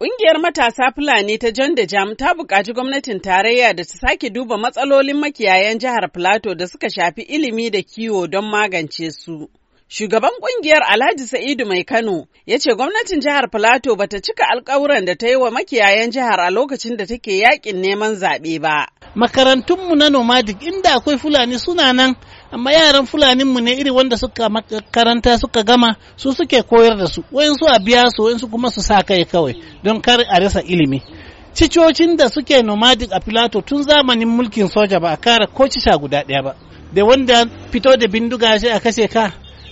Ƙungiyar matasa Fulani ta John da Jam ta buƙaci gwamnatin tarayya da ta sake duba matsalolin makiyayan jihar Filato da suka shafi ilimi da kiwo don magance su. Shugaban ƙungiyar Alhaji Sa'idu Mai Kano ya ce gwamnatin jihar Filato bata cika alkawuran da ta yi wa makiyayan jihar a lokacin da take yakin neman zaɓe ba. makarantunmu na nomadic inda akwai fulani suna nan amma yaran fulaninmu ne iri wanda suka makaranta suka gama su suke koyar da su wayansu a biya su wayansu kuma su sa kai kawai don kar a rasa ilimi cicocin da suke nomadic a filato tun zamanin mulkin soja ba a kara ko cica guda ɗaya ba da wanda fito da bindiga sai a kashe ka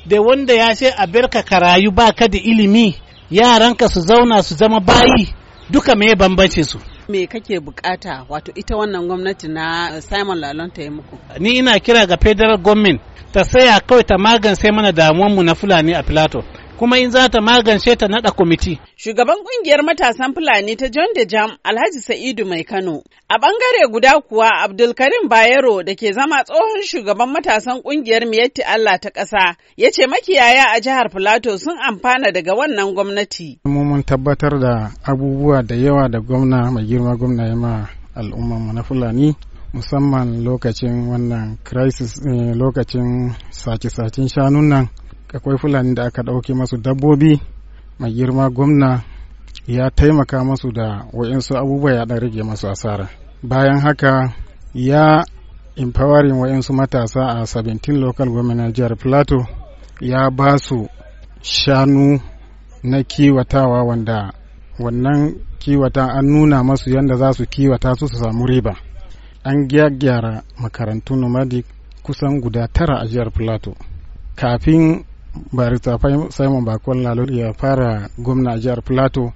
da wanda ya ce a barka ka rayu ba da ilimi yaranka su zauna su zama bayi duka me bambance su me kake bukata wato ita wannan gwamnati na uh, Simon Lalon ta yi muku ni ina kira ga federal government ta saya kawai ta magance mana damuwanmu na Fulani a Plateau kuma in za ta magance ta naɗa kwamiti. Shugaban ƙungiyar matasan Fulani ta John de Jam Alhaji Sa'idu Mai Kano. A ɓangare guda kuwa Abdulkarim Bayero da ke zama tsohon shugaban matasan ƙungiyar Miyatti Allah ta ƙasa ya ce makiyaya a jihar Filato sun amfana daga wannan gwamnati. Mun tabbatar da abubuwa da yawa da gwamna mai girma gwamna ya ma al'ummarmu na Fulani musamman lokacin wannan crisis eh, lokacin sace-sacen shanun nan akwai fulani da aka ɗauke masu dabbobi mai girma gwamna ya taimaka masu da wa'insu abubuwa ya ɗan rage masu asara bayan haka ya empowering wa'insu matasa a 17 local government jihar plateau ya ba su shanu na kiwatawa wanda wannan kiwata an nuna masu yadda za su kiwata su su samu riba an gyaggyara makarantu nomadic kusan guda tara a jihar plateau kafin barista simon bakon lalur ya fara gwamna a jihar plateau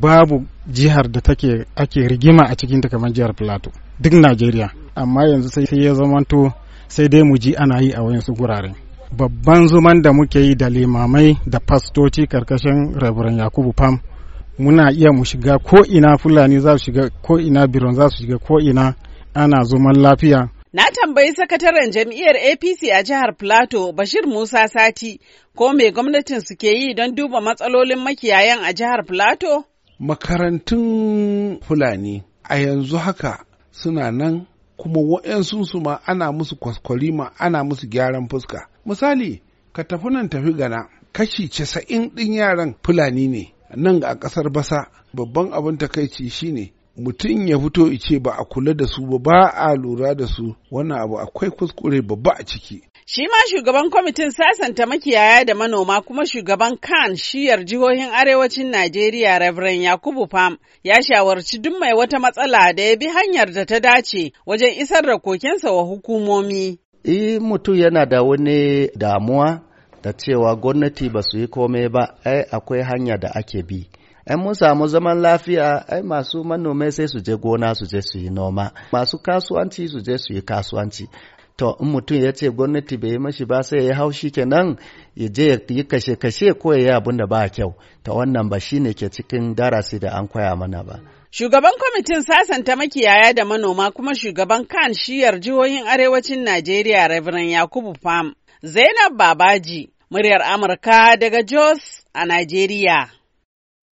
babu jihar da take ake rigima a cikin ta kamar jihar plateau duk najeriya amma yanzu sai ya zamanto sai dai mu ji ana yi a wayansu gurare babban zuman da muke yi da limamai da fastoci karkashin rabiran yakubu pam muna iya mu shiga ko ina fulani za su shiga ko ina biron za su shiga ko ina ana zuman lafiya Na tambayi sakataren jam'iyyar APC a jihar Plateau Bashir Musa Sati ko mai gwamnatin suke yi don duba matsalolin makiyayan a jihar Plateau? Makarantun Fulani a yanzu haka suna nan kuma wa'yansu su ma ana musu kwaskwalima ana musu gyaran fuska. Misali, ka tafi nan tafi gana kashi casa'in ɗin yaran Fulani ne nan a ƙasar Basa babban abin takaici shine mutum ya fito ice ba a kula da su ba ba a lura da su wannan abu akwai kuskure babba a ciki Shi ma shugaban kwamitin sasanta makiyaya da manoma kuma shugaban kan shiyar jihohin arewacin Najeriya Reverend Yakubu fam, ya shawarci duk mai wata matsala da ya bi hanyar da ta dace wajen isar da kokensa wa hukumomi. Eh mutum yana da wani damuwa da cewa gwamnati ba su yi komai ba, ai akwai hanya da ake bi. in mun samu zaman lafiya ai masu manoma sai su je gona su je su yi noma masu kasuwanci su je su yi kasuwanci to in mutum ya ce gwamnati bai yi mashi ba sai ya haushi kenan ya je ya yi kashe-kashe ko ya yi abin da ba kyau ta wannan ba shine ke cikin darasi da an koya mana ba. Shugaban kwamitin sasanta makiyaya da manoma kuma shugaban kan shiyar jihohin arewacin Najeriya Reverend Yakubu Fam. Zainab Babaji, muryar Amurka daga Jos a Najeriya.